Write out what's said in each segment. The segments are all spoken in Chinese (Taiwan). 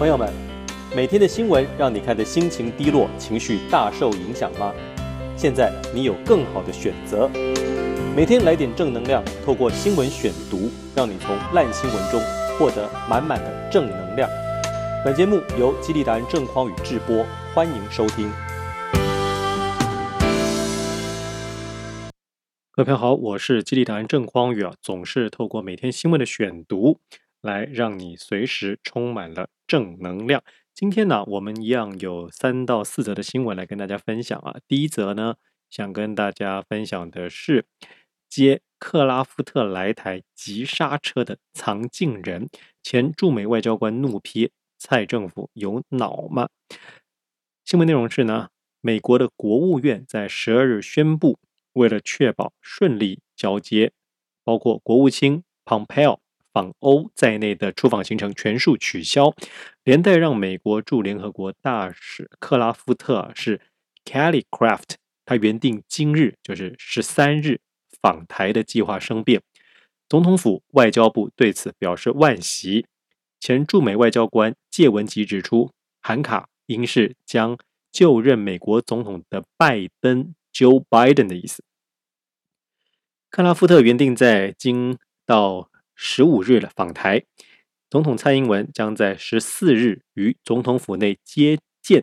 朋友們，每天的新聞讓你看的心情低落、情緒大受影響嗎？現在你有更好的選擇，每天來點正能量，透過新聞選讀，讓你從爛新聞中獲得滿滿的正能量。本節目由激勵達人鄭匡宇製播，歡迎收聽。各位朋友好，我是激勵達人鄭匡宇啊，總是透過每天新聞的選讀，來讓你隨時充滿了正能量。今天呢，我們一樣有三到四則的新聞來跟大家分享啊。第一則呢，想跟大家分享的是接克拉夫特來台急剎車的藏鏡人，前駐美外交官怒批蔡政府有腦嗎？新聞內容是呢，美國的國務院在十二日宣布，為了確保順利交接，包括國務卿蓬佩奧。訪歐在內的出訪行程全數取消，連帶讓美國駐聯合國大使克拉夫特是 Kelly Craft，他原定今日就是十三日訪台的計劃生變。總統府外交部對此表示惋惜。前駐美外交官介文汲指出，喊卡應是將就任美國總統的拜登 Joe Biden 的意思。克拉夫特原定在今到。十五日的訪台，總統蔡英文將在十四日於總統府內接見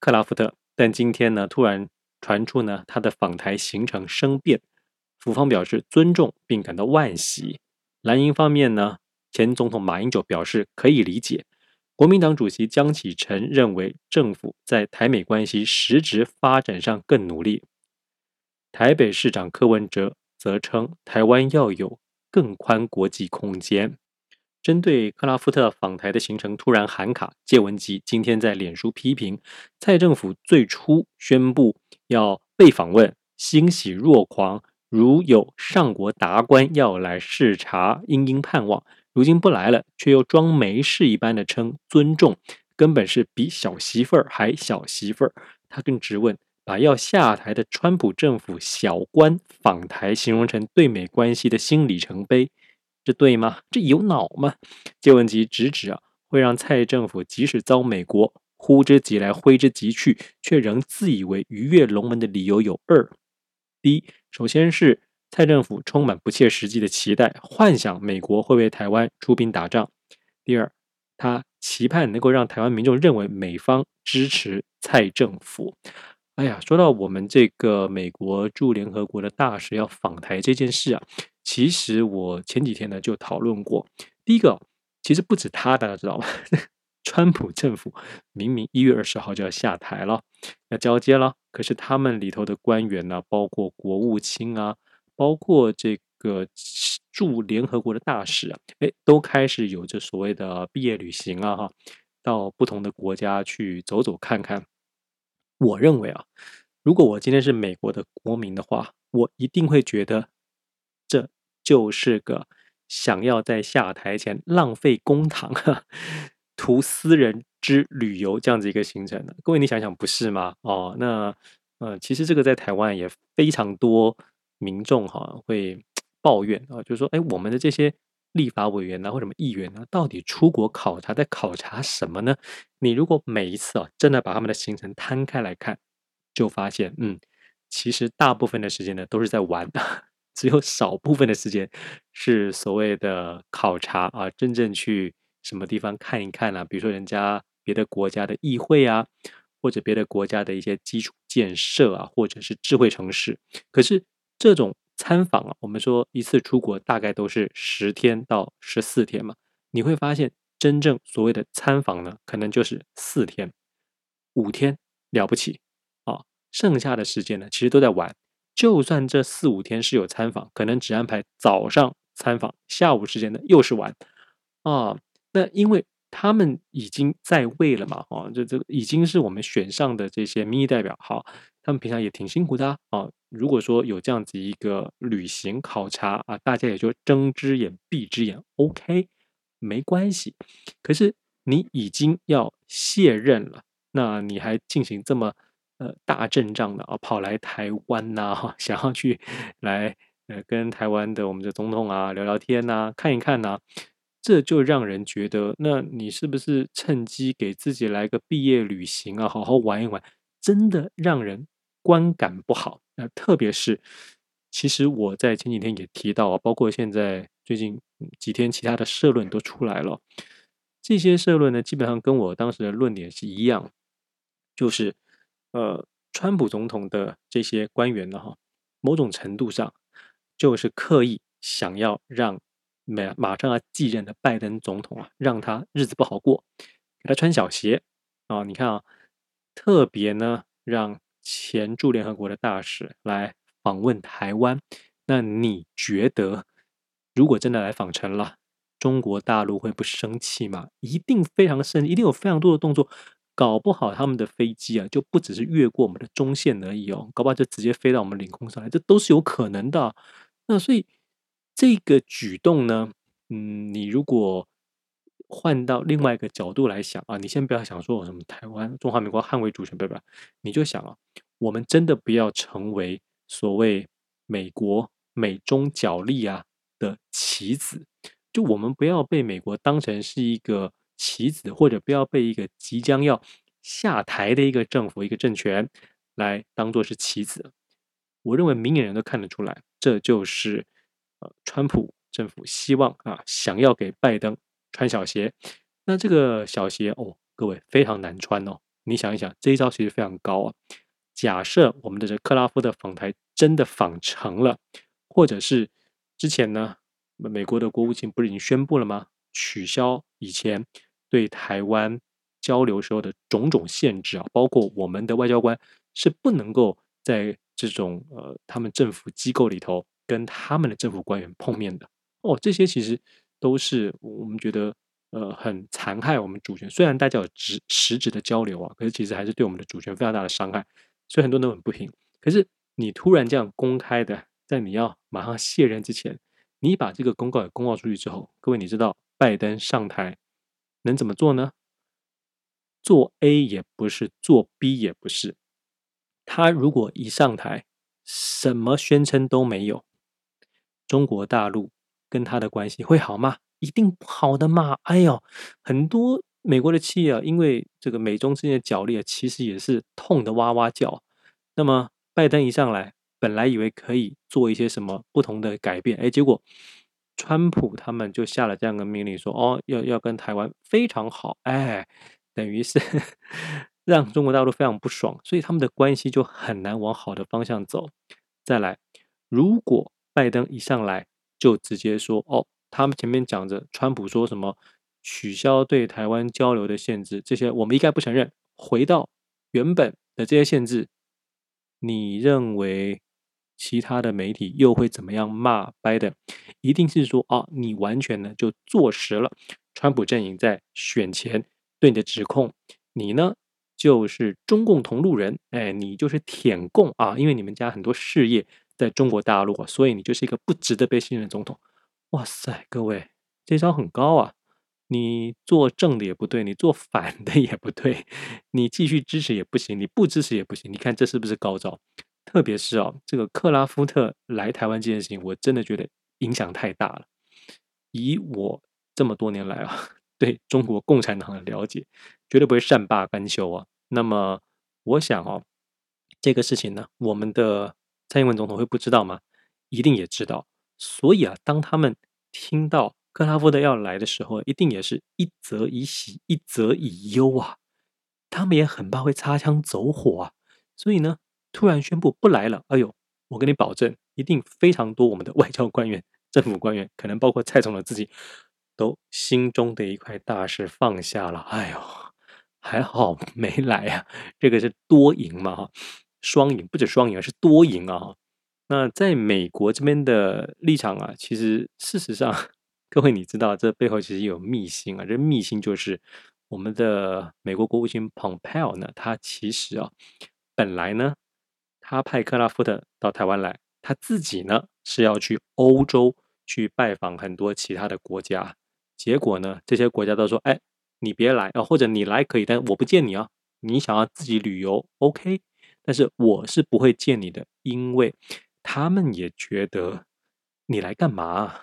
克拉夫特。但今天呢，突然傳出呢，他的訪台行程生變，府方表示尊重並感到惋惜。藍營方面呢，前總統馬英九表示可以理解。國民黨主席江啟臣認為政府在台美關係實質發展上更努力。台北市長柯文哲則稱台灣要有。更寬國際空間。針對克拉夫特訪台的行程突然喊卡，介文汲今天在臉書批評蔡政府最初宣布要被訪問，欣喜若狂，如有上國達官要來視察，殷殷盼望，如今不來了，卻又裝沒事一般的稱尊重，根本是比小媳婦兒還小媳婦兒。他更直問。把要下台的川普政府小官訪台形容成對美關係的新里程碑，這對嗎？這有腦嗎？借問題直指啊，會讓蔡政府即使遭美國呼之即來、揮之即去，卻仍自以為魚躍龍門的理由有二：第一，首先是蔡政府充滿不切實際的期待，幻想美國會為台灣出兵打仗；第二，他期盼能夠讓台灣民眾認為美方支持蔡政府。哎呀，說到我們這個美國駐聯合國的大使要訪台這件事啊，其實我前幾天呢就討論過。第一個，其實不止他，大家知道吧？川普政府明明一月二十號就要下台了，要交接了，可是他們裡頭的官員呢，包括國務卿啊，包括這個駐聯合國的大使啊，哎，都開始有著所謂的畢業旅行啊，哈，到不同的國家去走走看看。我認為啊，如果我今天是美國的國民的話，我一定會覺得這就是個想要在下台前浪費公帑、圖私人之旅遊這樣子一個行程的。各位，你想想，不是嗎？哦，那呃，其實這個在台灣也非常多民眾哈、啊、會抱怨啊，就說哎，我們的這些。立法委員吶，或者什麼議員呢？到底出國考察在考察什麼呢？你如果每一次啊，真的把他們的行程攤開來看，就發現，嗯，其實大部分的時間呢都是在玩，只有少部分的時間是所謂的考察啊，真正去什麼地方看一看啊，比如說人家別的國家的議會啊，或者別的國家的一些基礎建設啊，或者是智慧城市。可是這種。參訪啊，我們說一次出國大概都是十天到十四天嘛，你會發現真正所謂的參訪呢，可能就是四天、五天了不起啊，剩下的時間呢，其實都在玩。就算這四五天是有參訪，可能只安排早上參訪，下午時間呢又是玩啊。那因為他們已經在位了嘛，啊，這這已經是我們選上的這些民意代表，好，他們平常也挺辛苦的啊。啊如果說有這樣子一個旅行考察啊，大家也就睜隻眼閉隻眼，OK，沒關係。可是你已經要卸任了，那你還進行這麼呃大陣仗的啊，跑來台灣吶、啊，想要去來呃跟台灣的我們的總統啊聊聊天吶、啊，看一看吶、啊，這就讓人覺得，那你是不是趁機給自己來個畢業旅行啊，好好玩一玩，真的讓人。觀感不好，那特別是，其實我在前幾天也提到啊，包括現在最近幾天其他的社論都出來了，這些社論呢，基本上跟我當時的論點是一樣，就是呃，川普總統的這些官員呢，哈，某種程度上就是刻意想要讓美馬上要、啊、繼任的拜登總統啊，讓他日子不好過，給他穿小鞋啊，你看啊，特別呢讓。前駐聯合國的大使來訪問台灣，那你覺得，如果真的來訪成了，中國大陸會不生氣嗎？一定非常生氣，一定有非常多的動作，搞不好他們的飛機啊就不只是越過我們的中線而已哦，搞不好就直接飛到我們領空上來，這都是有可能的啊。那所以這個舉動呢，嗯，你如果。換到另外一個角度來想啊，你先不要想說什麼台灣中華民國捍衛主權，別別，你就想啊，我們真的不要成為所謂美國美中角力啊的棋子，就我們不要被美國當成是一個棋子，或者不要被一個即將要下台的一個政府一個政權來當做是棋子。我認為明眼人都看得出來，這就是呃，川普政府希望啊，想要給拜登。穿小鞋，那這個小鞋哦，各位非常難穿哦。你想一想，這一招其實非常高啊。假設我們的這克拉夫的訪台真的訪成了，或者是之前呢，美國的國務卿不是已經宣布了嗎？取消以前對台灣交流時候的種種限制啊，包括我們的外交官是不能夠在這種呃他們政府機構裡頭跟他們的政府官員碰面的哦。這些其實。都是我們覺得，呃，很殘害我們主權。雖然大家有直實質的交流啊，可是其實還是對我們的主權非常大的傷害，所以很多人都很不平。可是你突然這樣公開的，在你要馬上卸任之前，你把這個公告公告出去之後，各位你知道拜登上台能怎麼做呢？做 A 也不是，做 B 也不是。他如果一上台，什麼宣稱都沒有，中國大陸。跟他的關係會好嗎？一定不好的嘛！哎呦，很多美國的企業啊，因為這個美中之間的角力啊，其實也是痛得哇哇叫。那麼拜登一上來，本來以為可以做一些什麼不同的改變，哎，結果川普他們就下了這樣的命令說，說哦，要要跟台灣非常好，哎，等於是呵呵讓中國大陸非常不爽，所以他們的關係就很難往好的方向走。再來，如果拜登一上來，就直接說哦，他們前面講着川普說什麼取消對台灣交流的限制，這些我們一概不承認，回到原本的這些限制，你認為其他的媒體又會怎麼樣罵拜登？一定是說啊、哦，你完全呢就坐實了川普陣營在選前對你的指控。你呢，就是中共同路人，哎，你就是舔共啊，因為你們家很多事業。在中國大陸啊，所以你就是一個不值得被信任的總統。哇塞，各位，這招很高啊！你做正的也不對，你做反的也不對，你繼續支持也不行，你不支持也不行。你看這是不是高招？特別是哦，這個克拉夫特來台灣這件事情，我真的覺得影響太大了。以我這麼多年來啊，對中國共產黨的了解，絕對不會善罷甘休啊。那麼我想哦，這個事情呢，我們的。蔡英文總統會不知道嗎？一定也知道。所以啊，當他們聽到克拉夫德要來的時候，一定也是一則以喜，一則以憂啊。他們也很怕會擦槍走火啊。所以呢，突然宣布不來了。哎喲，我跟你保證，一定非常多我們的外交官員、政府官員，可能包括蔡總統自己，都心中的一塊大石放下了。哎喲，還好沒來啊，這個是多贏嘛哈。雙贏不止雙贏，而是多贏啊！那在美國這邊的立場啊，其實事實上，各位你知道，這背後其實有秘辛啊。這秘辛就是我們的美國國務卿蓬佩奧呢，他其實啊，本來呢，他派克拉夫特到台灣來，他自己呢是要去歐洲去拜訪很多其他的國家。結果呢，這些國家都說：“哎，你別來啊，或者你來可以，但我不見你啊。你想要自己旅遊，OK。”但是我是不會見你的，因為他們也覺得你來幹嘛？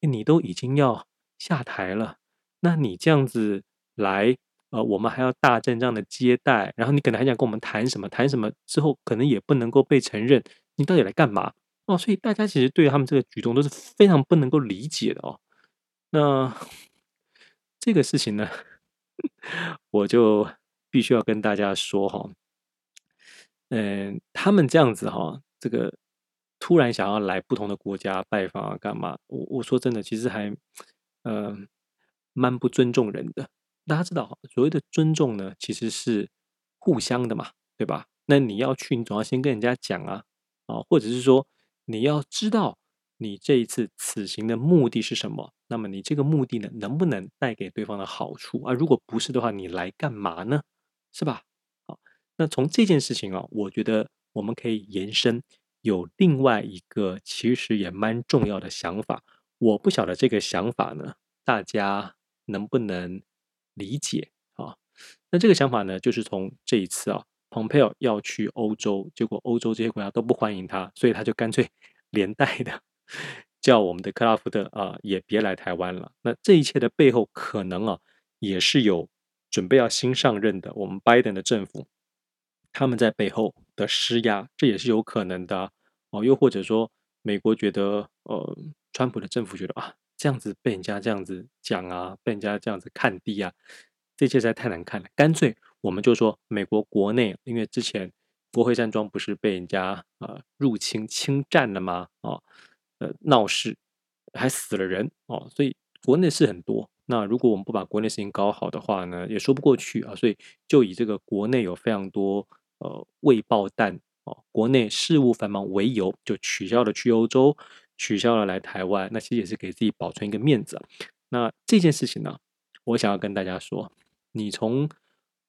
你都已經要下台了，那你這樣子來，呃，我們還要大陣仗的接待，然後你可能還想跟我們談什麼？談什麼之後可能也不能夠被承認，你到底來幹嘛？哦，所以大家其實對他們這個舉動都是非常不能夠理解的哦。那這個事情呢，我就必須要跟大家說哈。嗯，他們這樣子哈、哦，這個突然想要來不同的國家拜訪啊，幹嘛？我我說真的，其實還呃蠻不尊重人的。大家知道，所謂的尊重呢，其實是互相的嘛，對吧？那你要去，你總要先跟人家講啊啊，或者是說，你要知道你這一次此行的目的是什麼。那麼你這個目的呢，能不能帶給對方的好處啊？如果不是的話，你來幹嘛呢？是吧？那從這件事情啊，我覺得我們可以延伸，有另外一個其實也蠻重要的想法。我不曉得這個想法呢，大家能不能理解啊？那這個想法呢，就是從這一次啊，Pompeo 要去歐洲，結果歐洲這些國家都不歡迎他，所以他就乾脆連帶的叫我們的克拉福德啊也別來台灣了。那這一切的背後，可能啊也是有準備要新上任的我們 Biden 的政府。他們在背後的施壓，這也是有可能的哦。又或者說，美國覺得，呃，川普的政府覺得啊，這樣子被人家這樣子講啊，被人家這樣子看低啊，這些實在太難看了。乾脆我們就說，美國國內，因為之前國會山莊不是被人家啊、呃、入侵侵占了嗎？啊、哦，呃，鬧事還死了人哦，所以國內是很多。那如果我們不把國內事情搞好的話呢，也說不過去啊。所以就以這個國內有非常多呃未爆彈哦，國內事務繁忙為由，就取消了去歐洲，取消了來台灣。那其實也是給自己保存一個面子。那這件事情呢、啊，我想要跟大家說，你從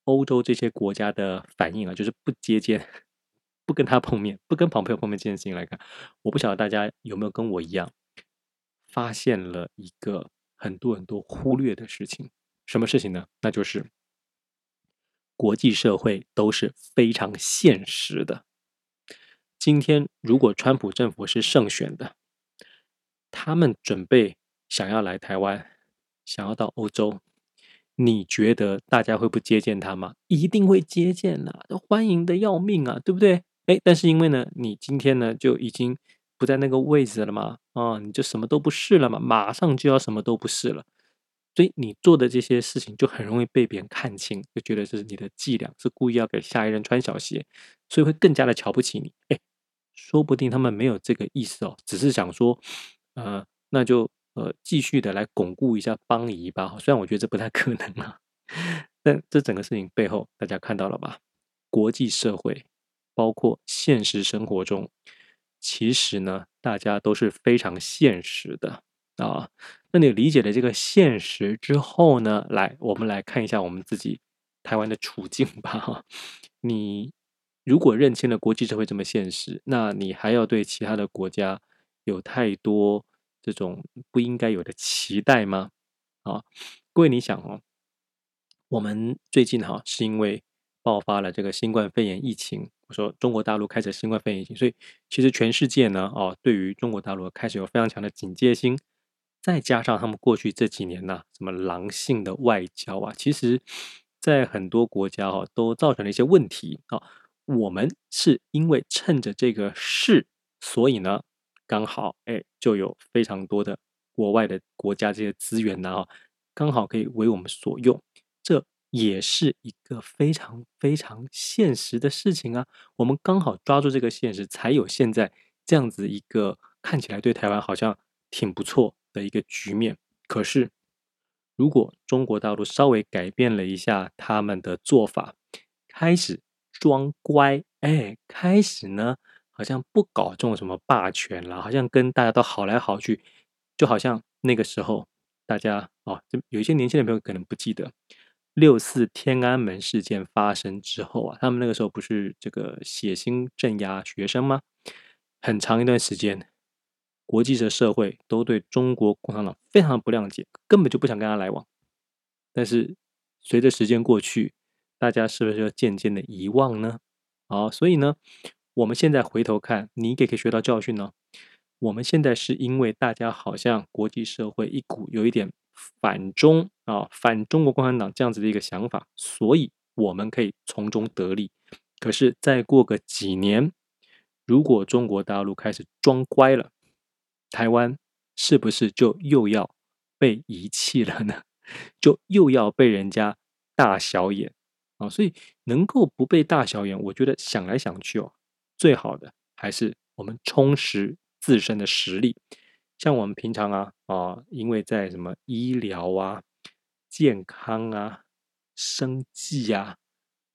歐洲這些國家的反應啊，就是不接見，不跟他碰面，不跟朋友碰面這件事情來看，我不曉得大家有沒有跟我一樣，發現了一個。很多很多忽略的事情，什麼事情呢？那就是國際社會都是非常現實的。今天如果川普政府是勝選的，他們準備想要來台灣，想要到歐洲，你覺得大家會不接見他嗎？一定會接見吶啊，歡迎得要命啊，對不對？誒，但是因為呢，你今天呢就已經。不在那個位置了嗎？啊、哦，你就什麼都不是了嗎？馬上就要什麼都不是了，所以你做的這些事情就很容易被別人看清，就覺得這是你的伎倆，是故意要給下一任穿小鞋，所以會更加的瞧不起你。誒，說不定他們沒有這個意思哦，只是想說，呃，那就呃繼續的來鞏固一下邦誼吧。雖然我覺得這不太可能啊，但這整個事情背後，大家看到了吧？國際社會，包括現實生活中。其實呢，大家都是非常現實的啊。那你理解了這個現實之後呢，來，我們來看一下我們自己台灣的處境吧。哈，你如果認清了國際社會這麼現實，那你還要對其他的國家有太多這種不應該有的期待嗎？啊，各位，你想哦，我們最近哈、啊、是因為爆發了這個新冠肺炎疫情。說中國大陸開始新冠肺炎疫情，所以其實全世界呢，哦、啊，對於中國大陸開始有非常強的警戒心，再加上他們過去這幾年吶，什麼狼性的外交啊，其實，在很多國家哈、啊、都造成了一些問題啊。我們是因為趁着這個勢，所以呢，剛好哎，就有非常多的國外的國家這些資源呢、啊、哈、啊，剛好可以為我們所用。這也是一個非常非常現實的事情啊，我們剛好抓住這個現實，才有現在這樣子一個看起來對台灣好像挺不錯的一個局面。可是，如果中國大陸稍微改變了一下他們的做法，開始裝乖，哎，開始呢，好像不搞這種什麼霸權了，好像跟大家都好來好去，就好像那個時候大家哦，有一些年輕的朋友可能不記得。六四天安門事件發生之後啊，他們那個時候不是這個血腥鎮壓學生嗎？很長一段時間，國際的社會都對中國共產黨非常不諒解，根本就不想跟他來往。但是隨着時間過去，大家是不是漸漸的遺忘呢？好，所以呢，我們現在回頭看，你也可以學到教訓呢、哦。我們現在是因為大家好像國際社會一股有一點。反中啊，哦，反中國共產黨這樣子的一個想法，所以我們可以從中得利。可是再過個幾年，如果中國大陸開始裝乖了，台灣是不是就又要被遺棄了呢？就又要被人家大小眼啊。哦，所以能夠不被大小眼，我覺得想來想去哦，最好的還是我們充實自身的實力。像我們平常啊啊、呃，因為在什麼醫療啊、健康啊、生技啊、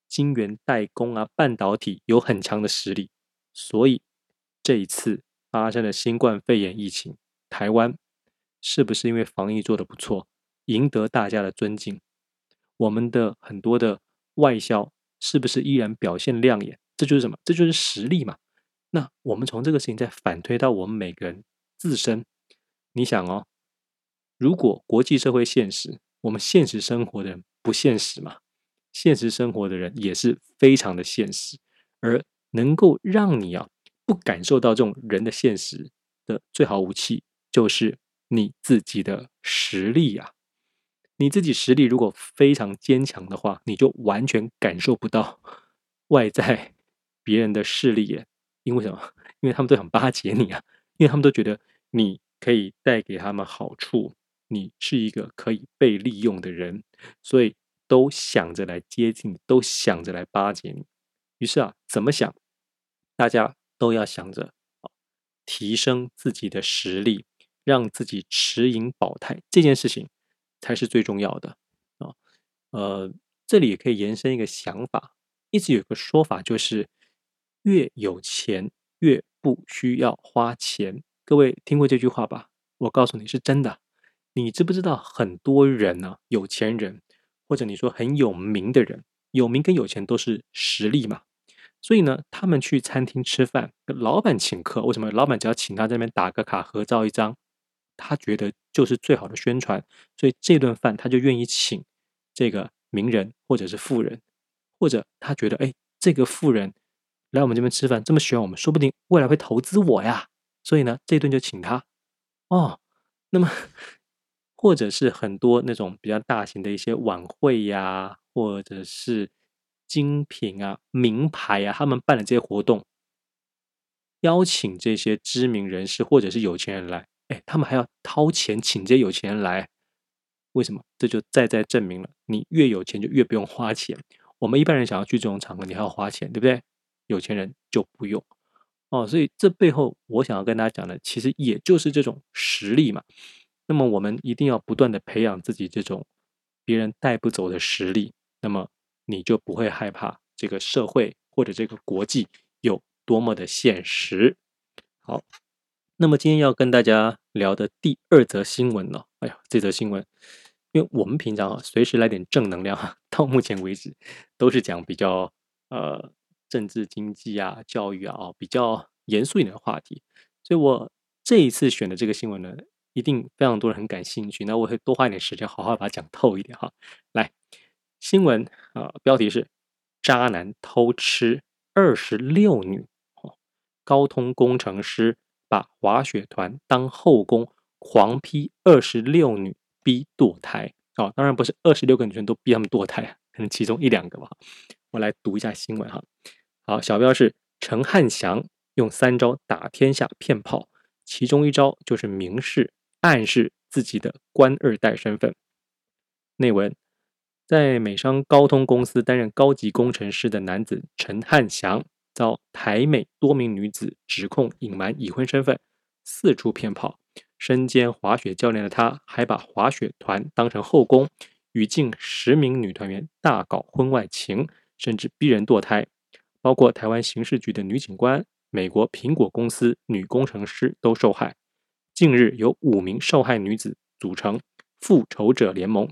晶圓代工啊、半導體有很強的實力，所以這一次發生了新冠肺炎疫情，台灣是不是因為防疫做得不錯，贏得大家的尊敬？我們的很多的外銷是不是依然表現亮眼？這就是什麼？這就是實力嘛。那我們從這個事情再反推到我們每個人自身。你想哦，如果國際社會現實，我們現實生活的人不現實嘛？現實生活的人也是非常的現實，而能夠讓你啊不感受到這種人的現實的最好武器，就是你自己的實力呀、啊。你自己實力如果非常堅強的話，你就完全感受不到外在別人的勢力耶。因為什麼？因為他們都想巴結你啊，因為他們都覺得你。可以帶給他們好處，你是一個可以被利用的人，所以都想着來接近，都想着來巴結你。於是啊，怎麼想，大家都要想着提升自己的實力，讓自己持盈保泰，這件事情才是最重要的啊。呃，這裡也可以延伸一個想法，一直有一個說法就是，越有錢越不需要花錢。各位聽過這句話吧？我告訴你是真的。你知不知道很多人呢、啊？有錢人，或者你說很有名的人，有名跟有錢都是實力嘛。所以呢，他們去餐廳吃飯，老闆請客，為什麼？老闆只要請他這邊打個卡，合照一張，他覺得就是最好的宣傳。所以這頓飯他就願意請這個名人，或者是富人，或者他覺得，哎，這個富人來我們這邊吃飯這麼喜歡我們，說不定未來會投資我呀。所以呢，這一頓就請他哦。那麼，或者是很多那種比較大型的一些晚會呀，或者是精品啊、名牌啊，他們辦的這些活動，邀請這些知名人士或者是有錢人來，哎，他們還要掏錢請這些有錢人來，為什麼？這就再再證明了，你越有錢就越不用花錢。我們一般人想要去這種場合，你還要花錢，對不對？有錢人就不用。哦，所以這背後我想要跟大家講的，其實也就是這種實力嘛。那麼我們一定要不斷的培養自己這種別人帶不走的實力，那麼你就不會害怕這個社會或者這個國際有多麼的現實。好，那麼今天要跟大家聊的第二則新聞呢，哎呀，這則新聞，因為我們平常啊，隨時來點正能量哈，到目前為止都是講比較呃。政治、經濟啊，教育啊，比較嚴肅一點的話題，所以我這一次選的這個新聞呢，一定非常多人很感興趣。那我會多花一點時間，好好把它講透一點哈。來，新聞啊、呃，標題是“渣男偷吃二十六女”，高通工程師把滑雪團當後宮，狂劈二十六女逼墮胎。好、哦，當然不是二十六個女生都逼他們墮胎，可能其中一兩個吧。我來讀一下新聞哈。好，小標是陳漢祥用三招打天下騙炮，其中一招就是明示暗示自己的官二代身份。內文，在美商高通公司擔任高級工程師的男子陳漢祥，遭台美多名女子指控隱瞞已婚身份，四處騙炮。身兼滑雪教練的他，還把滑雪團當成後宮，與近十名女團員大搞婚外情，甚至逼人墮胎。包括台灣刑事局的女警官、美國蘋果公司女工程師都受害。近日有五名受害女子組成復仇者聯盟。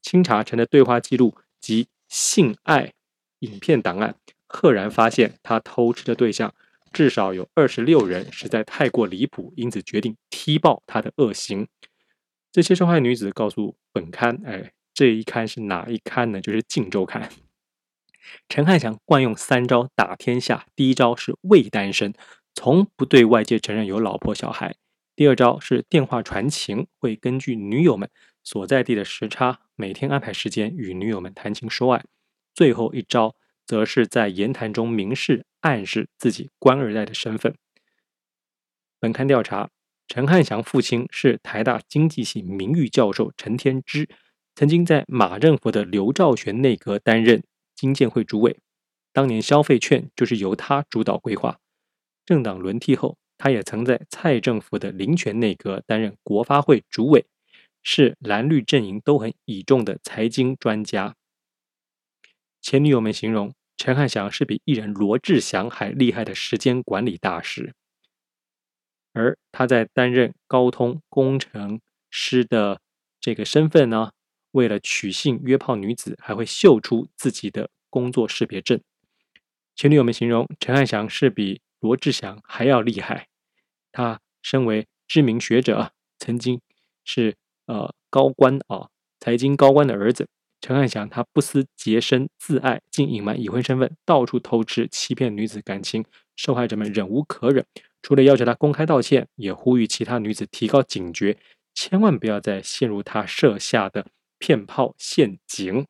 清查陳的對話記錄及性愛影片檔案，赫然發現他偷吃的對象至少有二十六人，實在太過離譜，因此決定踢爆他的惡行。這些受害女子告訴本刊：“哎，這一刊是哪一刊呢？就是《鏡週刊》。”陳漢祥慣用三招打天下。第一招是未單身，從不對外界承認有老婆小孩。第二招是電話傳情，會根據女友們所在地的時差，每天安排時間與女友們談情說愛。最後一招，則是在言談中明示暗示自己官二代的身份。本刊調查，陳漢祥父親是台大經濟系名譽教授陳添枝，曾經在馬政府的劉兆玄內閣擔任。經建會主委，當年消費券就是由他主導規劃。政黨輪替後，他也曾在蔡政府的林全內閣擔任國發會主委，是藍綠陣營都很倚重的財經專家。前女友們形容陳漢祥是比藝人羅志祥還厲害的時間管理大師。而他在擔任高通工程師的這個身份呢？為了取信約炮女子，還會秀出自己的工作識別證。前女友們形容陳漢祥是比羅志祥還要厲害。他身為知名學者，曾經是呃高官啊、哦，財經高官的兒子。陳漢祥他不思潔身自愛，竟隱瞞已婚身份，到處偷吃，欺騙女子感情。受害者們忍無可忍，除了要求他公開道歉，也呼籲其他女子提高警覺，千萬不要再陷入他設下的。騙炮陷阱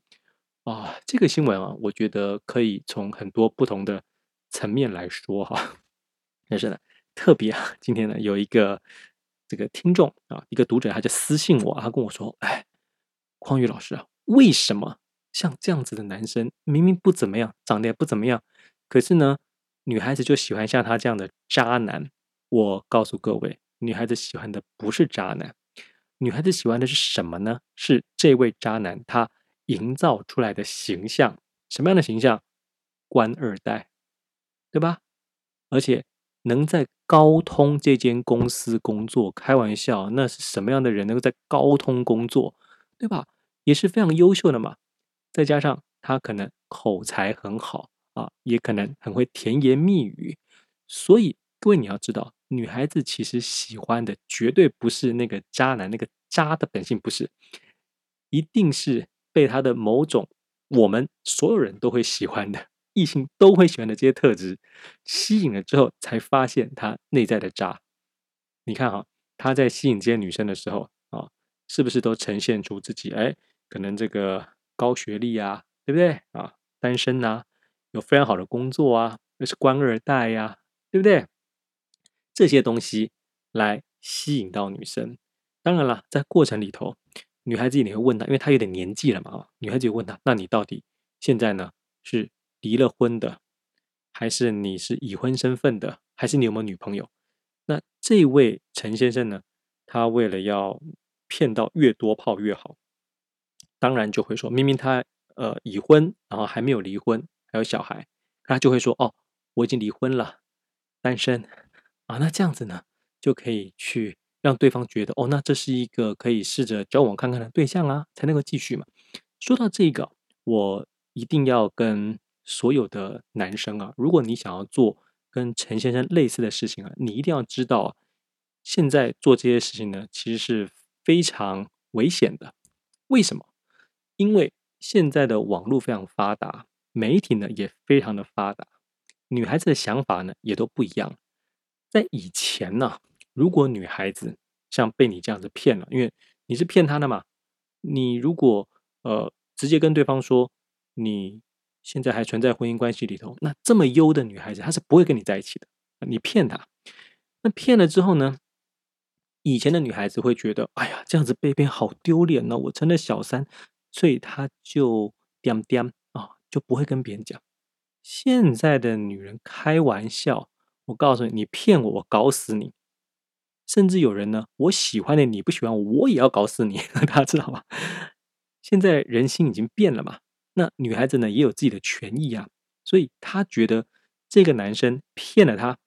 啊、哦，這個新聞啊，我覺得可以從很多不同的層面來說哈。但是呢，特別啊，今天呢，有一個這個聽眾啊，一個讀者，他就私信我、啊，他跟我說：“哎，匡宇老師啊，為什麼像這樣子的男生，明明不怎麼樣，長得也不怎麼樣，可是呢，女孩子就喜歡像他這樣的渣男？”我告訴各位，女孩子喜歡的不是渣男。女孩子喜歡的是什麼呢？是這位渣男他營造出來的形象，什麼樣的形象？官二代，對吧？而且能在高通這間公司工作，開玩笑，那是什麼樣的人能夠在高通工作，對吧？也是非常優秀的嘛。再加上他可能口才很好啊，也可能很會甜言蜜語。所以，各位你要知道，女孩子其實喜歡的絕對不是那個渣男，那個渣的本性不是，一定是被他的某種我們所有人都會喜歡的異性都會喜歡的這些特質吸引了之後，才發現他內在的渣。你看哈、啊，他在吸引這些女生的時候啊，是不是都呈現出自己？哎，可能這個高學歷啊，對不對啊？單身吶、啊，有非常好的工作啊，又是官二代呀、啊，對不對？這些東西來吸引到女生，當然了，在過程裡頭，女孩子也會問他，因為他有點年紀了嘛。啊，女孩子就問他：“那你到底現在呢？是離了婚的，還是你是已婚身份的？還是你有沒有女朋友？”那這位陳先生呢，他為了要騙到越多炮越好，當然就會說：“明明他呃已婚，然後還沒有離婚，還有小孩，他就會說：‘哦，我已經離婚了，單身。’”啊，那這樣子呢，就可以去讓對方覺得哦，那這是一個可以試着交往看看的對象啊，才能夠繼續嘛。說到這個，我一定要跟所有的男生啊，如果你想要做跟陳先生類似的事情啊，你一定要知道，現在做這些事情呢，其實是非常危險的。為什麼？因為現在的網絡非常發達，媒體呢也非常的發達，女孩子的想法呢也都不一樣。在以前呢，啊，如果女孩子像被你這樣子騙了，因為你是騙她的嘛，你如果呃直接跟對方說，你現在還存在婚姻關係裡頭，那這麼優的女孩子她是不會跟你在一起的。你騙她，那騙了之後呢，以前的女孩子會覺得，哎呀，這樣子被騙好丟臉哦，我成了小三，所以她就惦惦啊，就不會跟別人講。現在的女人開玩笑。我告訴你，你騙我，我搞死你！甚至有人呢，我喜歡的你不喜歡我，我也要搞死你。大家知道嗎？現在人心已經變了嘛。那女孩子呢，也有自己的權益啊，所以她覺得這個男生騙了她，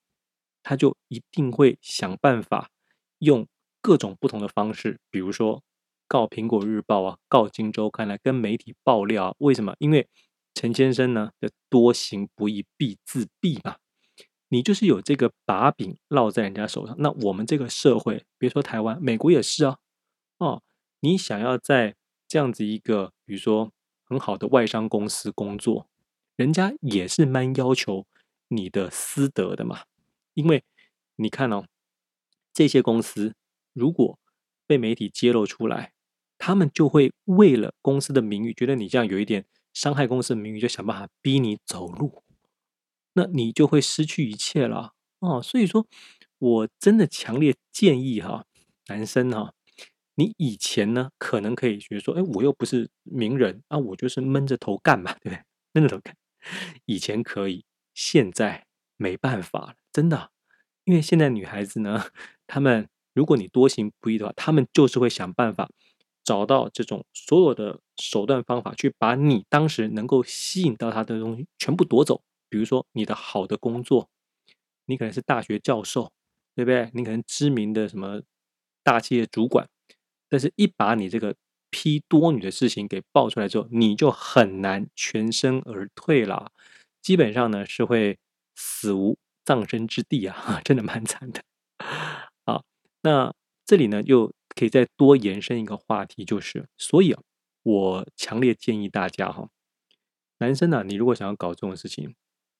她就一定會想辦法，用各種不同的方式，比如說告《蘋果日報》啊，告荊州《金週刊》，來跟媒體爆料啊。為什麼？因為陳先生呢，多行不義必自斃嘛。你就是有這個把柄落在人家手上，那我們這個社會，別說台灣，美國也是啊，哦。哦，你想要在這樣子一個，比如說很好的外商公司工作，人家也是蠻要求你的私德的嘛。因為你看哦，這些公司如果被媒體揭露出來，他們就會為了公司的名譽，覺得你這樣有一點傷害公司的名譽，就想辦法逼你走路。那你就會失去一切了哦，所以說我真的強烈建議哈、啊，男生哈、啊，你以前呢可能可以學說，哎，我又不是名人啊，我就是悶着頭幹嘛，對不對？悶着頭幹，以前可以，現在沒辦法了，真的，因為現在女孩子呢，她們如果你多行不義的話，她們就是會想辦法找到這種所有的手段方法，去把你當時能夠吸引到她的東西全部奪走。比如說，你的好的工作，你可能是大學教授，對不對？你可能知名的什麼大企業主管，但是一把你這個劈多女的事情給爆出來之後，你就很難全身而退了，基本上呢是會死無葬身之地啊，真的蠻慘的。好，那這裡呢又可以再多延伸一個話題，就是所以啊，我強烈建議大家哈，男生呢、啊，你如果想要搞這種事情。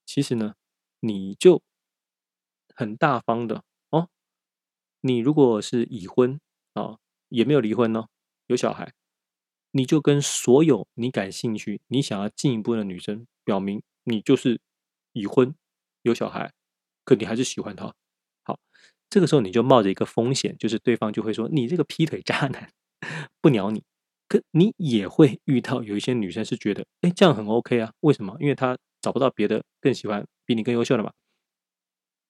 其實呢，你就很大方的哦。你如果是已婚啊、哦，也沒有離婚呢、哦，有小孩，你就跟所有你感興趣、你想要進一步的女生，表明你就是已婚有小孩，可你還是喜歡她。好，這個時候你就冒着一個風險，就是對方就會說你這個劈腿渣男，不鳥你。可你也會遇到有一些女生是覺得，哎，這樣很 OK 啊，為什麼？因為她。找不到別的更喜歡比你更優秀的嘛？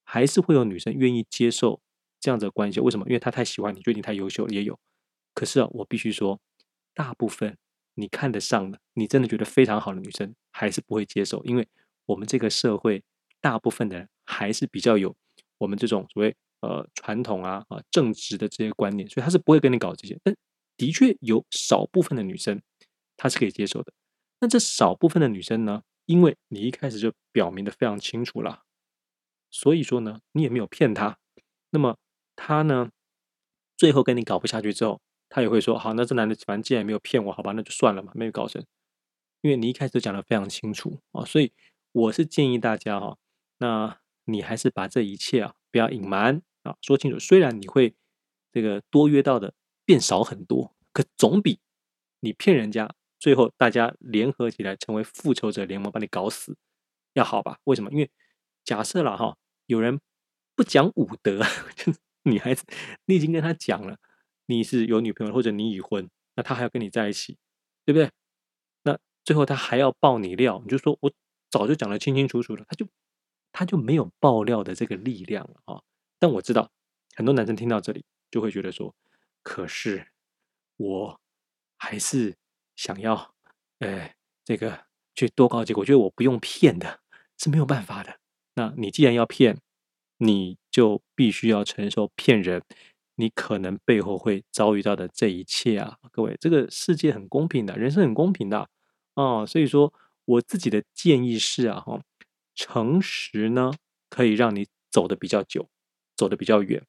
還是會有女生願意接受這樣子的關係？為什麼？因為她太喜歡你，覺得你太優秀了。也有。可是啊，我必須說，大部分你看得上的，你真的覺得非常好的女生，還是不會接受，因為我們這個社會大部分的人還是比較有我們這種所謂呃傳統啊啊、呃、正直的這些觀念，所以她是不會跟你搞這些。但的確有少部分的女生，她是可以接受的。那這少部分的女生呢？因為你一開始就表明的非常清楚了，所以說呢，你也沒有騙他。那麼他呢，最後跟你搞不下去之後，他也會說：好，那這男的反正既然也沒有騙我，好吧，那就算了嘛，沒有搞成。因為你一開始就講的非常清楚啊，所以我是建議大家哈、啊，那你還是把這一切啊不要隱瞞啊，說清楚。雖然你會這個多約到的變少很多，可總比你騙人家，最後，大家聯合起來成為復仇者聯盟，把你搞死，要好吧？為什麼？因為假設啦哈，有人不講武德，就是、女孩子，你已經跟他講了，你是有女朋友或者你已婚，那他還要跟你在一起，對不對？那最後他還要爆你料，你就說我早就講得清清楚楚了，他就他就沒有爆料的這個力量了啊。但我知道很多男生聽到這裡就會覺得說，可是我還是。想要，呃、哎，這個去多搞結果，我覺得我不用騙的是沒有辦法的。那你既然要騙，你就必須要承受騙人，你可能背後會遭遇到的這一切啊！各位，這個世界很公平的，人生很公平的啊、哦！所以說我自己的建議是啊，哈，誠實呢，可以讓你走得比較久，走得比較遠。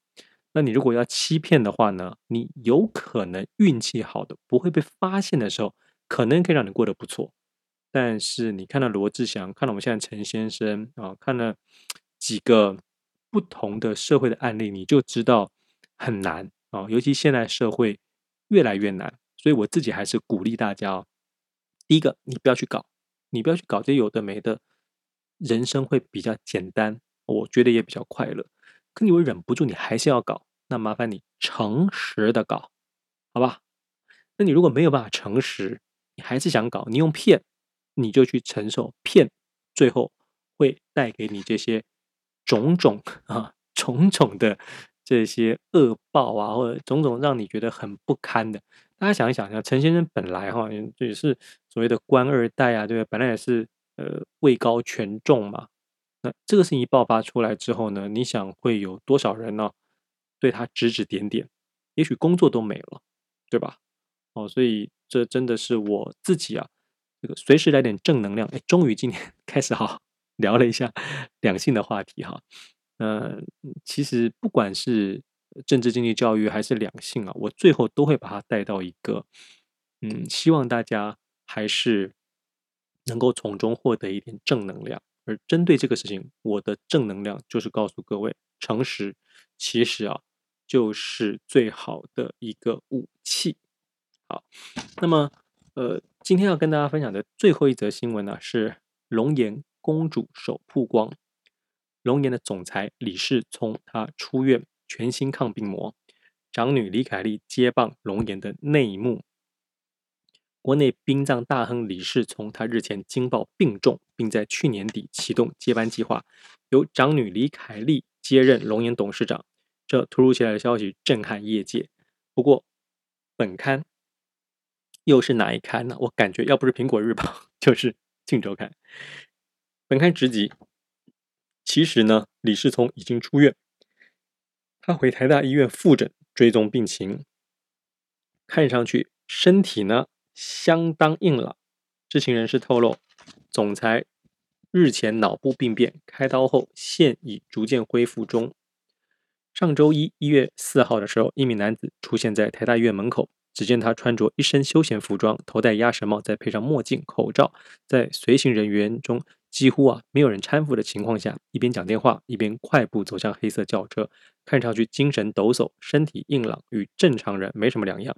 那你如果要欺騙的話呢，你有可能運氣好的不會被發現的時候，可能可以讓你過得不錯。但是你看到羅志祥，看到我們現在陳先生啊，看了幾個不同的社會的案例，你就知道很難啊。尤其現在社會越來越難，所以我自己還是鼓勵大家哦，第一個，你不要去搞，你不要去搞這些有的沒的，人生會比較簡單，我覺得也比較快樂。那你會忍不住，你還是要搞，那麻煩你誠實的搞，好吧？那你如果沒有辦法誠實，你還是想搞，你用騙，你就去承受騙，最後會帶給你這些種種啊，種種的這些惡報啊，或者種種讓你覺得很不堪的。大家想一想，像陳先生本來哈也是所謂的官二代啊，對吧？本來也是呃位高權重嘛。那這個事情一爆發出來之後呢，你想會有多少人呢、啊？對他指指點點，也許工作都沒了，對吧？哦，所以這真的是我自己啊，這個隨時來點正能量。哎，終於今天開始好，聊了一下兩性的話題哈。嗯、呃，其實不管是政治、經濟、教育還是兩性啊，我最後都會把它帶到一個，嗯，希望大家還是能夠從中獲得一點正能量。而針對這個事情，我的正能量就是告訴各位，誠實其實啊，就是最好的一個武器。好，那麼呃，今天要跟大家分享的最後一則新聞呢、啊，是龍巖公主首曝光，龍巖的總裁李世聰他出院，全心抗病魔，長女李凱麗接棒龍巖的內幕。國內殯葬大亨李世聰他日前驚爆病重，並在去年底啟動接班計劃，由長女李凱麗接任龍巖董事長。這突如其來的消息震撼業界。不過，本刊又是哪一刊呢？我感覺要不是蘋果日報，就是《鏡週刊》。本刊直擊。其實呢，李世聰已經出院，他回台大醫院複診追蹤病情，看上去身體呢。相當硬朗。知情人士透露，總裁日前腦部病變，開刀後現已逐漸恢復中。上週一，一月四號的時候，一名男子出現在台大醫院門口。只見他穿着一身休閒服裝，頭戴鴨舌帽，再配上墨鏡、口罩，在隨行人員中幾乎啊沒有人攙扶的情況下，一邊講電話，一邊快步走向黑色轎車，看上去精神抖擻，身體硬朗，與正常人沒什麼兩樣。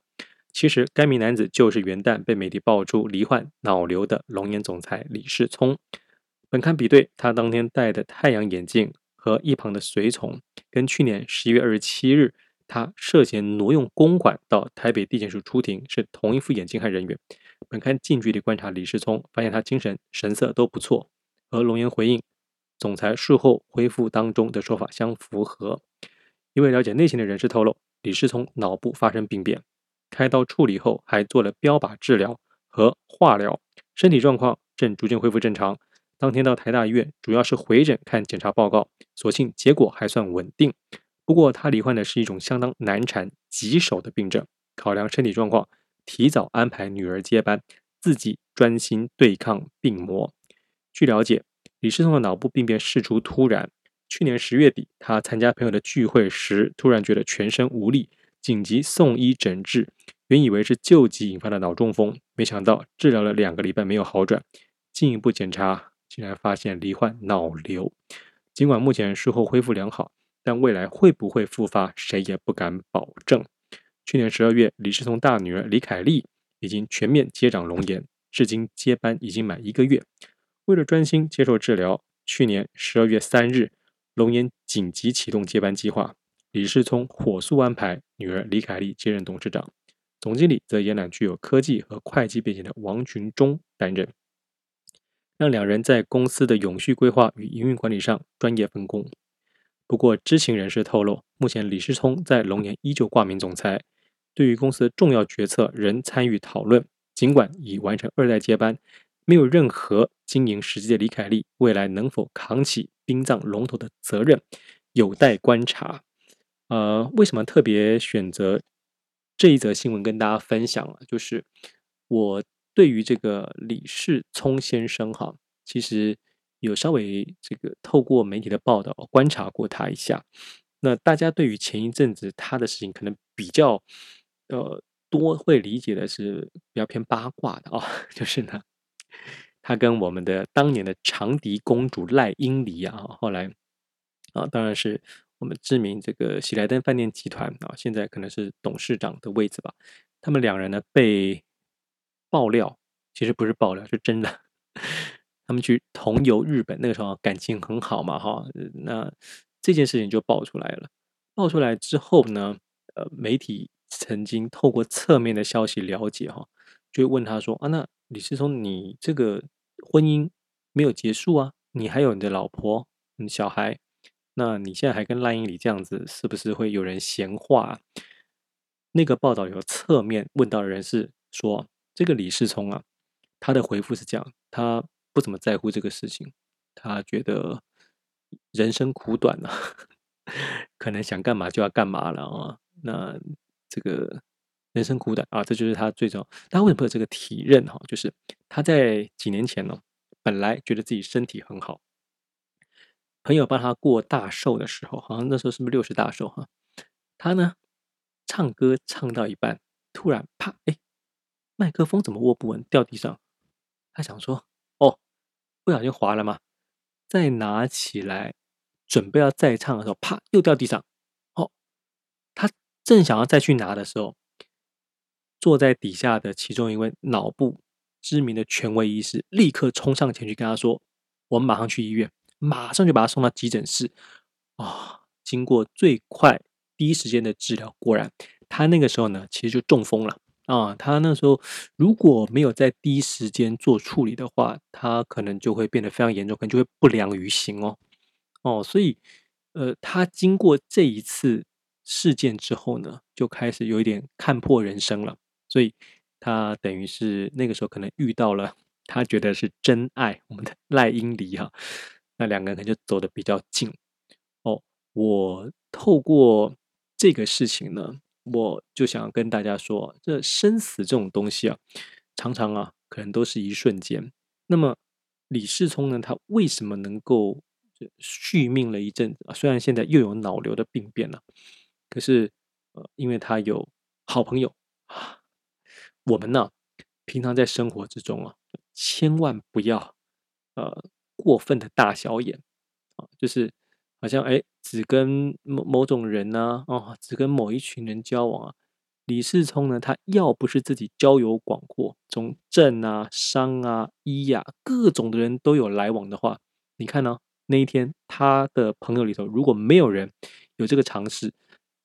其實，該名男子就是元旦被媒體爆出罹患腦瘤的龍巖總裁李世聰。本刊比對他當天戴的太陽眼鏡和一旁的隨從，跟去年十一月二十七日他涉嫌挪用公款到台北地檢署出庭是同一副眼鏡和人員。本刊近距離觀察李世聰，發現他精神神色都不錯，和龍巖回應“總裁術後恢復當中”的說法相符合。一位了解內情的人士透露，李世聰腦部發生病變。開刀處理後，還做了標靶治療和化療，身體狀況正逐漸恢復正常。當天到台大醫院，主要是回診看檢查報告，所幸結果還算穩定。不過，他罹患的是一種相當難纏棘手的病症。考量身體狀況，提早安排女兒接班，自己專心對抗病魔。據了解，李世聰的腦部病變事出突然。去年十月底，他參加朋友的聚會時，突然覺得全身無力。緊急送醫診治，原以為是舊疾引發的腦中風，沒想到治療了兩個禮拜沒有好轉，進一步檢查竟然發現罹患腦瘤。儘管目前術後恢復良好，但未來會不會復發，誰也不敢保證。去年十二月，李世聰大女兒李凱莉已經全面接掌龍巖，至今接班已經滿一個月。為了專心接受治療，去年十二月三日，龍巖緊急啟動接班計劃。李世聰火速安排女兒李凱莉接任董事長，總經理則延攬具有科技和會計背景的王群忠擔任，讓兩人在公司的永續規劃與營運管理上專業分工。不過，知情人士透露，目前李世聰在龍巖依舊掛名總裁，對於公司的重要決策仍參與討論。儘管已完成二代接班，沒有任何經營實際的李凱莉未來能否扛起殯葬龍頭的責任，有待觀察。呃，為什麼特別選擇這一則新聞跟大家分享呢？啊、就是我對於這個李世聰先生哈，其實有稍微這個透過媒體的報道觀察過他一下。那大家對於前一陣子他的事情，可能比較呃多會理解的是比較偏八卦的啊，就是呢，他跟我們的當年的長笛公主賴英里啊，後來啊，當然是。我們知名這個喜來登飯店集團啊，現在可能是董事長的位置吧。他們兩人呢，被爆料，其實不是爆料，是真的。他們去同遊日本，那個時候感情很好嘛，哈。那這件事情就爆出來了。爆出來之後呢，呃，媒體曾經透過側面的消息了解哈，就問他說啊，那李世聰，你這個婚姻沒有結束啊？你還有你的老婆，你小孩。那你現在還跟賴英里這樣子，是不是會有人閒話？那個報道有側面問到的人是說，這個李世聰啊，他的回復是這樣，他不怎麼在乎這個事情，他覺得人生苦短啊，可能想幹嘛就要幹嘛了啊。那這個人生苦短啊，這就是他最重要，他為什麼會有這個體認哈、啊？就是他在幾年前呢、哦，本來覺得自己身體很好。朋友幫他過大壽的時候，好像那時候是不是六十大壽哈？他呢，唱歌唱到一半，突然啪，哎，麥克風怎麼握不穩，掉地上。他想說，哦，不小心滑了嘛。再拿起來，準備要再唱的時候，啪，又掉地上。哦，他正想要再去拿的時候，坐在底下的其中一位腦部知名的權威醫師，立刻衝上前去跟他說：“我們馬上去醫院。”馬上就把他送到急診室啊！經過最快第一時間的治療，果然他那個時候呢，其實就中風了啊！他那時候如果沒有在第一時間做處理的話，他可能就會變得非常嚴重，可能就會不良於行哦哦、啊。所以，呃，他經過這一次事件之後呢，就開始有一點看破人生了。所以，他等於是那個時候可能遇到了他覺得是真愛，我們的賴英里哈、啊。那兩個人可能就走得比較近哦。我透過這個事情呢，我就想跟大家說，這生死這種東西啊，常常啊，可能都是一瞬間。那麼李世聰呢，他為什麼能夠續命了一陣子啊？雖然現在又有腦瘤的病變了、啊，可是呃，因為他有好朋友啊。我們呢、啊，平常在生活之中啊，千萬不要呃。過分的大小眼啊，就是好像哎，只跟某某種人呢，哦，只跟某一群人交往啊。李世聰呢，他要不是自己交友廣闊，從政啊、商啊、醫啊各種的人都有來往的話，你看呢，那一天他的朋友裡頭，如果沒有人有這個常識，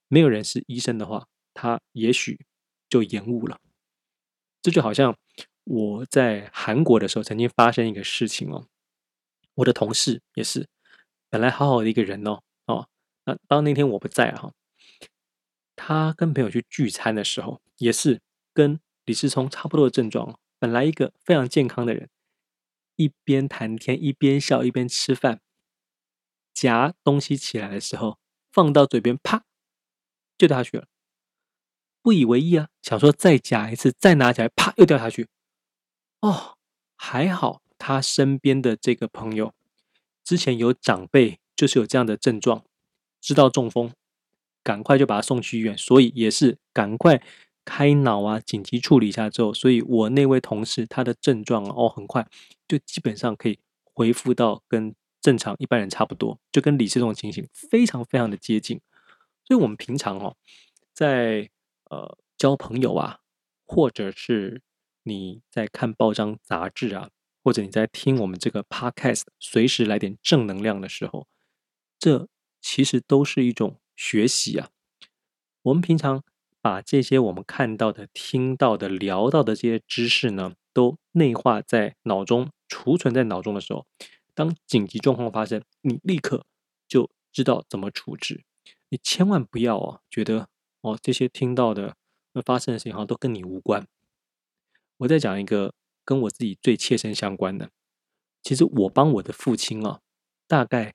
沒有人是醫生的話，他也許就延誤了。這就好像我在韓國的時候曾經發生一個事情哦。我的同事也是，本來好好的一個人哦，哦，那、啊、當那天我不在哈、哦，他跟朋友去聚餐的時候，也是跟李世聰差不多的症狀。本來一個非常健康的人，一邊談天一邊笑一邊吃飯，夾東西起來的時候，放到嘴邊，啪，就掉下去了。不以為意啊，想說再夾一次，再拿起來，啪，又掉下去。哦，還好。他身邊的這個朋友，之前有長輩就是有這樣的症狀，知道中風，趕快就把他送去醫院，所以也是趕快開腦啊，緊急處理一下之後，所以我那位同事他的症狀哦，很快就基本上可以恢復到跟正常一般人差不多，就跟李世聰這種情形非常非常的接近。所以我們平常哦，在呃交朋友啊，或者是你在看報章雜誌啊。或者你在聽我們這個 podcast，隨時來點正能量的時候，這其實都是一種學習啊。我們平常把這些我們看到的、聽到的、聊到的這些知識呢，都內化在腦中，儲存在腦中的時候，當緊急狀況發生，你立刻就知道怎麼處置。你千萬不要啊，覺得哦這些聽到的、那發生的事情好像都跟你無關。我再講一個。跟我自己最切身相關的，其實我幫我的父親啊，大概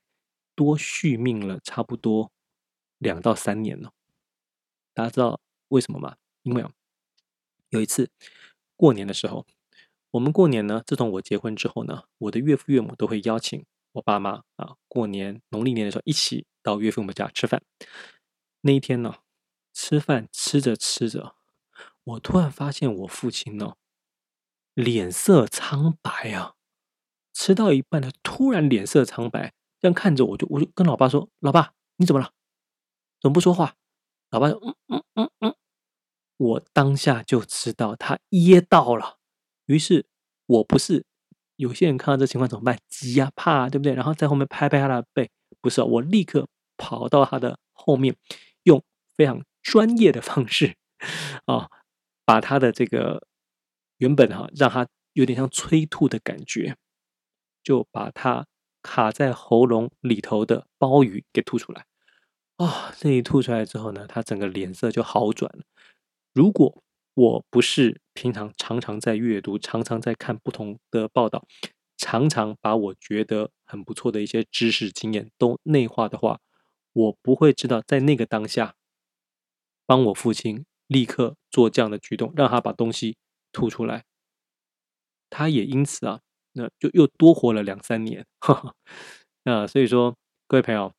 多續命了差不多兩到三年了。大家知道為什麼嗎？因為有一次過年的時候，我們過年呢，自從我結婚之後呢，我的岳父岳母都會邀請我爸媽啊，過年農曆年的時候一起到岳父母家吃飯。那一天呢，吃飯吃着吃着，我突然發現我父親呢。臉色蒼白啊！吃到一半的，他突然臉色蒼白，這樣看着我就，我就跟老爸說：“老爸，你怎麼了？怎麼不說話？”老爸說嗯嗯嗯嗯。我當下就知道他噎到了。於是，我不是有些人看到這情況怎麼辦？急啊，怕啊，對不對？然後在後面拍拍他的背。不是、啊，我立刻跑到他的後面，用非常專業的方式啊、哦，把他的這個。原本哈讓他有點像催吐的感覺，就把他卡在喉嚨裡頭的鮑魚給吐出來。啊、哦，這一吐出來之後呢，他整個臉色就好轉了。如果我不是平常常常在閱讀、常常在看不同的報道、常常把我覺得很不錯的一些知識經驗都內化的話，我不會知道在那個當下，幫我父親立刻做這樣的舉動，讓他把東西。吐出來，他也因此啊，那、呃、就又多活了兩三年。那、呃、所以說，各位朋友，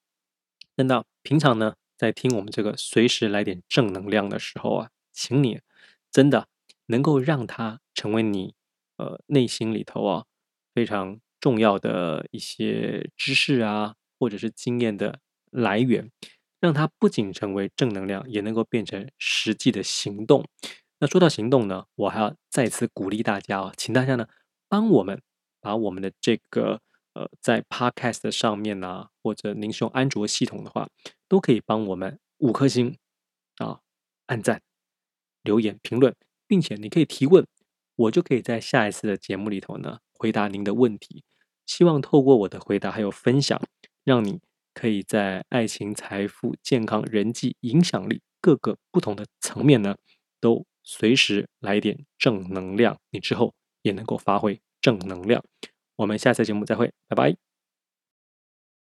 真的平常呢，在聽我們這個“隨時來點正能量”的時候啊，請你真的能夠讓它成為你呃內心裡頭啊非常重要的一些知識啊，或者是經驗的來源，讓它不僅成為正能量，也能夠變成實際的行動。那說到行動呢，我還要再次鼓勵大家啊、哦，請大家呢幫我們把我們的這個呃，在 Podcast 上面吶、啊，或者您是用安卓系統的話，都可以幫我們五顆星啊，按讚、留言、評論，並且你可以提問，我就可以在下一次的節目裡頭呢回答您的問題。希望透過我的回答還有分享，讓你可以在愛情、財富、健康、人際、影響力各個不同的層面呢，都。隨時來一點正能量，你之後也能夠發揮正能量。我們下次節目再會，拜拜。